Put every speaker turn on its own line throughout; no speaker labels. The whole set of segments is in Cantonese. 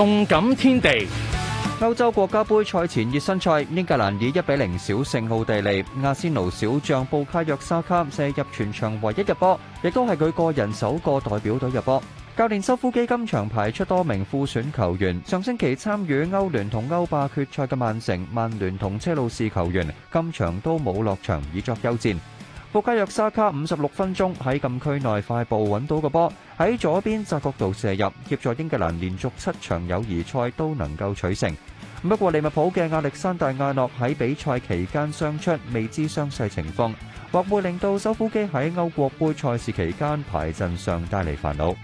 動感天地，歐洲國家盃賽前熱身賽，英格蘭以一比零小勝奧地利。阿仙奴小將布卡約沙卡射入全場唯一入波，亦都係佢個人首個代表隊入波。教練修夫基今場排出多名副選球員，上星期參與歐聯同歐霸決賽嘅曼城、曼聯同車路士球員，今場都冇落場以作休戰。布加約沙卡五十六分鐘喺禁區內快步揾到個波，喺左邊窄角度射入，協助英格蘭連續七場友誼賽都能夠取勝。不過利物浦嘅亞歷山大亞諾喺比賽期間傷出，未知傷勢情況，或會令到修夫基喺歐國杯賽事期間排陣上帶嚟煩惱。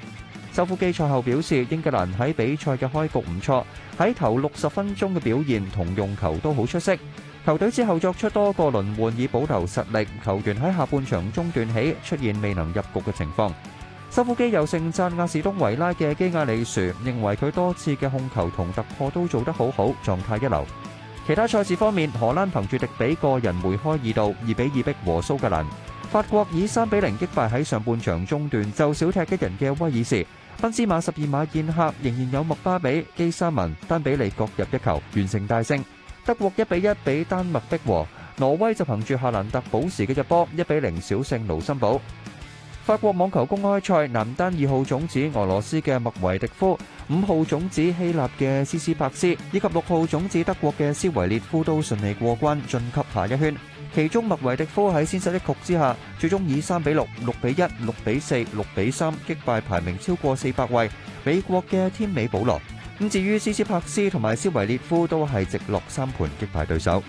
修夫基賽後表示，英格蘭喺比賽嘅開局唔錯，喺頭六十分鐘嘅表現同用球都好出色。球隊之後作出多個輪換以保留實力，球員喺下半場中段起出現未能入局嘅情況。修夫基又盛讚阿士東維拉嘅基亞里殊，認為佢多次嘅控球同突破都做得好好，狀態一流。其他賽事方面，荷蘭憑住迪比個人梅開二度二比二逼和蘇格蘭，法國以三比零擊敗喺上半場中段就少踢一人嘅威爾士賓斯馬。德國一比一俾丹麥逼和，挪威就憑住夏蘭特保時嘅一波一比零小勝盧森堡。法國網球公開賽男單二號種子俄羅斯嘅麥維迪夫、五號種子希臘嘅斯斯柏斯以及六號種子德國嘅斯維列夫都順利過關，晉級下一圈。其中麥維迪夫喺先失一局之下，最終以三比六、六比一、六比四、六比三擊敗排名超過四百位美國嘅天美保羅。咁至於斯斯帕斯同埋斯維列夫都係直落三盤擊敗對手。